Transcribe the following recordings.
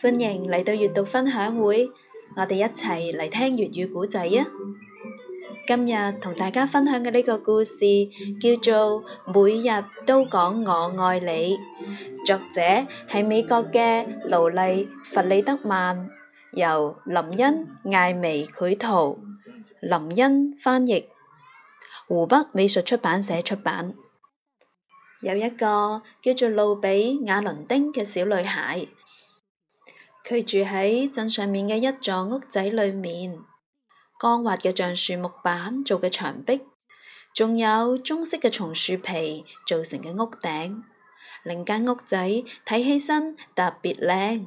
歡迎嚟到閱讀分享會，我哋一齊嚟聽粵語古仔啊！今日同大家分享嘅呢個故事叫做《每日都講我愛你》，作者係美國嘅勞麗弗里德曼，由林恩艾薇繪圖，林恩翻譯，湖北美術出版社出版。有一個叫做路比亞倫丁嘅小女孩。佢住喺鎮上面嘅一座屋仔裏面，光滑嘅橡樹木板做嘅牆壁，仲有棕色嘅松樹皮做成嘅屋頂，令間屋仔睇起身特別靚。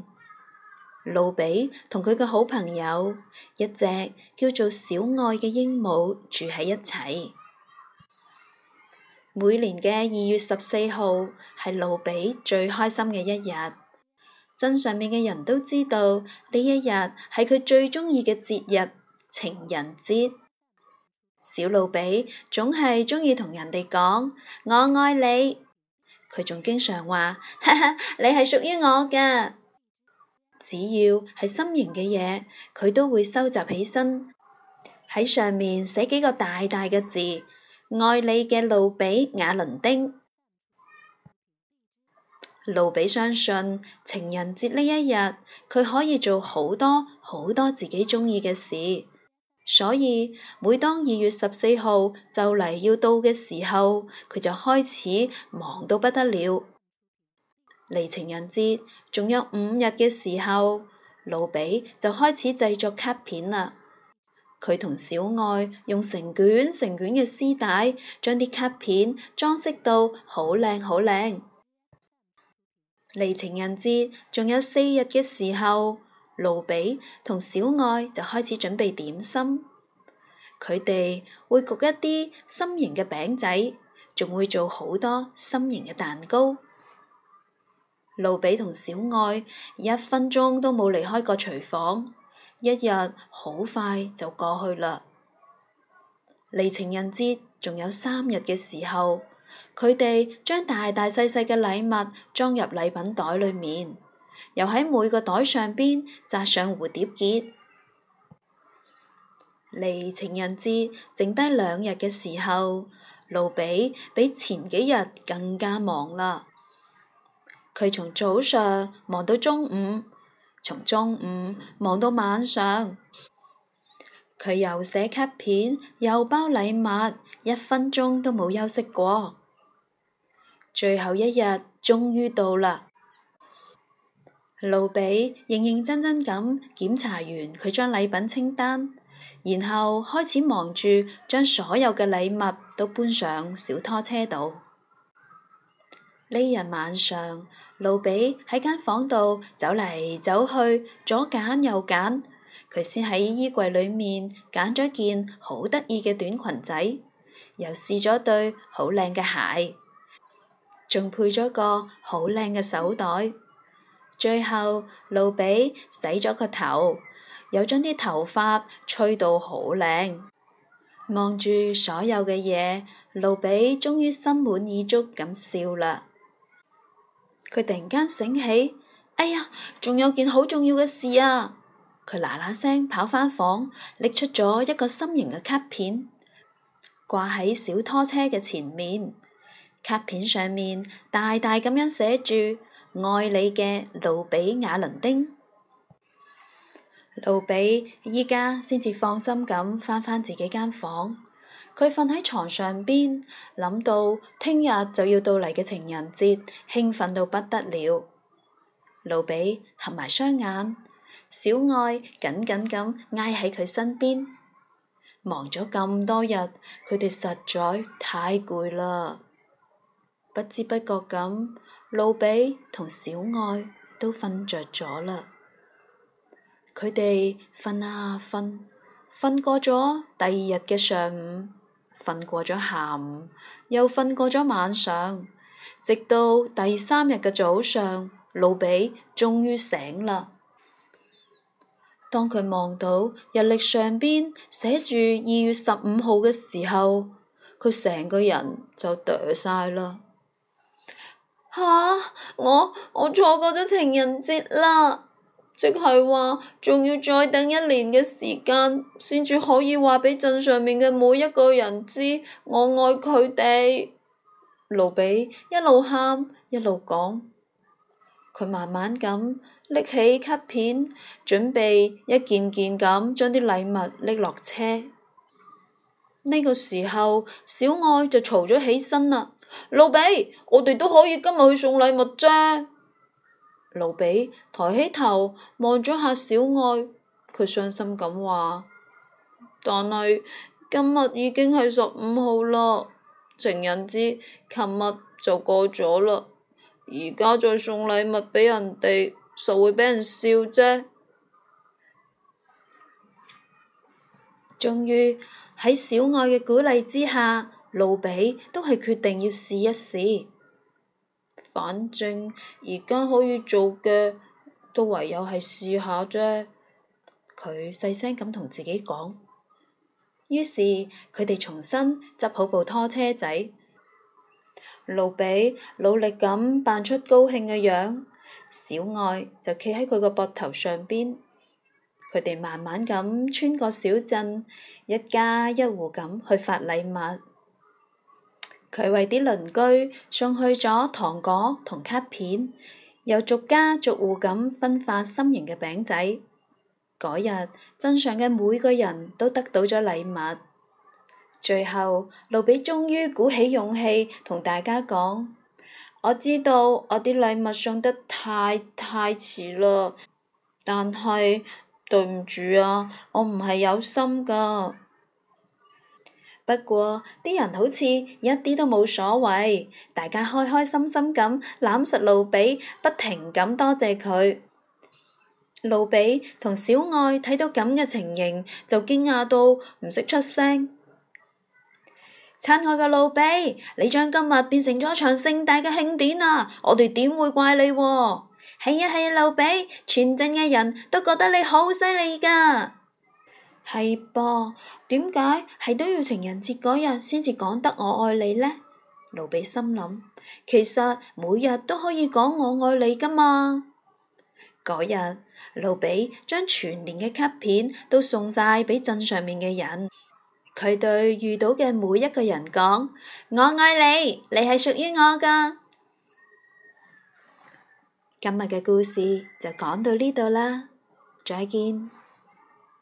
路比同佢嘅好朋友一隻叫做小愛嘅鸚鵡住喺一齊。每年嘅二月十四號係路比最開心嘅一日。鎮上面嘅人都知道，呢一日係佢最鍾意嘅節日——情人節。小露比總係鍾意同人哋講“我愛你”，佢仲經常話：“哈哈，你係屬於我㗎。”只要係心形嘅嘢，佢都會收集起身，喺上面寫幾個大大嘅字：“愛你嘅露比瓦倫丁。”路比相信情人節呢一日佢可以做好多好多自己鍾意嘅事，所以每當二月十四號就嚟要到嘅時候，佢就開始忙到不得了。離情人節仲有五日嘅時候，路比就開始製作卡片啦。佢同小愛用成卷成卷嘅絲帶，將啲卡片裝飾到好靚好靚。離情人節仲有四日嘅時候，盧比同小愛就開始準備點心。佢哋會焗一啲心形嘅餅仔，仲會做好多心形嘅蛋糕。盧比同小愛一分鐘都冇離開過廚房，一日好快就過去啦。離情人節仲有三日嘅時候。佢哋將大大細細嘅禮物裝入禮品袋裏面，又喺每個袋上邊紮上蝴蝶結。離情人節剩低兩日嘅時候，盧比比前幾日更加忙啦。佢從早上忙到中午，從中午忙到晚上，佢又寫卡片，又包禮物，一分鐘都冇休息過。最後一日終於到啦，路比認認真真咁檢查完佢張禮品清單，然後開始忙住將所有嘅禮物都搬上小拖車度。呢日晚上，路比喺間房度走嚟走去，左揀右揀，佢先喺衣櫃裏面揀咗件好得意嘅短裙仔，又試咗對好靚嘅鞋。仲配咗個好靚嘅手袋，最後露比洗咗個頭，又將啲頭髮吹到好靚。望住所有嘅嘢，露比終於心滿意足咁笑啦。佢突然間醒起，哎呀，仲有件好重要嘅事啊！佢嗱嗱聲跑返房，拎出咗一個心形嘅卡片，掛喺小拖車嘅前面。卡片上面大大咁樣寫住愛你嘅路比亞倫丁。路比依家先至放心咁返返自己間房間，佢瞓喺床上邊，諗到聽日就要到嚟嘅情人節，興奮到不得了。路比合埋雙眼，小愛緊緊咁挨喺佢身邊。忙咗咁多日，佢哋實在太攰啦。不知不覺咁，老比同小愛都瞓着咗啦。佢哋瞓啊，瞓，瞓過咗第二日嘅上午，瞓過咗下午，又瞓過咗晚上，直到第三日嘅早上，老比終於醒啦。當佢望到日曆上邊寫住二月十五號嘅時候，佢成個人就哆晒啦。吓，我我錯過咗情人節啦，即係話仲要再等一年嘅時間，先至可以話俾鎮上面嘅每一個人知我愛佢哋。盧比一路喊一路講，佢慢慢咁拎起卡片，準備一件件咁將啲禮物拎落車。呢個時候，小愛就嘈咗起身啦。老比，我哋都可以今日去送禮物啫。老比抬起頭望咗下小愛，佢傷心咁話：但係今日已經係十五號啦，情人節，琴日就過咗啦，而家再送禮物俾人哋，就會俾人笑啫。終於喺小愛嘅鼓勵之下。路比都係決定要試一試，反正而家可以做嘅都唯有係試下啫。佢細聲咁同自己講。於是佢哋重新執好部拖車仔，路比努力咁扮出高興嘅樣，小愛就企喺佢個膊頭上邊。佢哋慢慢咁穿過小鎮，一家一戶咁去發禮物。佢為啲鄰居送去咗糖果同卡片，又逐家逐戶咁分發心形嘅餅仔。嗰日，鎮上嘅每個人都得到咗禮物。最後，路比終於鼓起勇氣同大家講： 我知道我啲禮物送得太太遲啦，但係對唔住啊，我唔係有心噶。不過啲人好似一啲都冇所謂，大家開開心心咁攬實路比，不停咁多謝佢。路比同小愛睇到咁嘅情形，就驚訝到唔識出聲。親愛嘅路比，你將今日變成咗一場盛大嘅慶典啊！我哋點會怪你？係啊係啊，路比，全鎮嘅人都覺得你好犀利噶。係噃，點解係都要情人節嗰日先至講得我愛你呢？盧比心諗，其實每日都可以講我愛你噶嘛。嗰日，盧比將全年嘅卡片都送晒俾鎮上面嘅人，佢對遇到嘅每一個人講：我愛你，你係屬於我噶。今日嘅故事就講到呢度啦，再見。